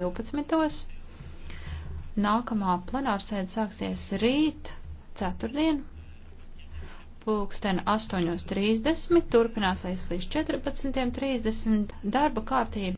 12. Nākamā plenārsēde sāksies rīt, ceturtdien, pulksten 8.30, turpināsies līdz 14.30. Darba kārtība.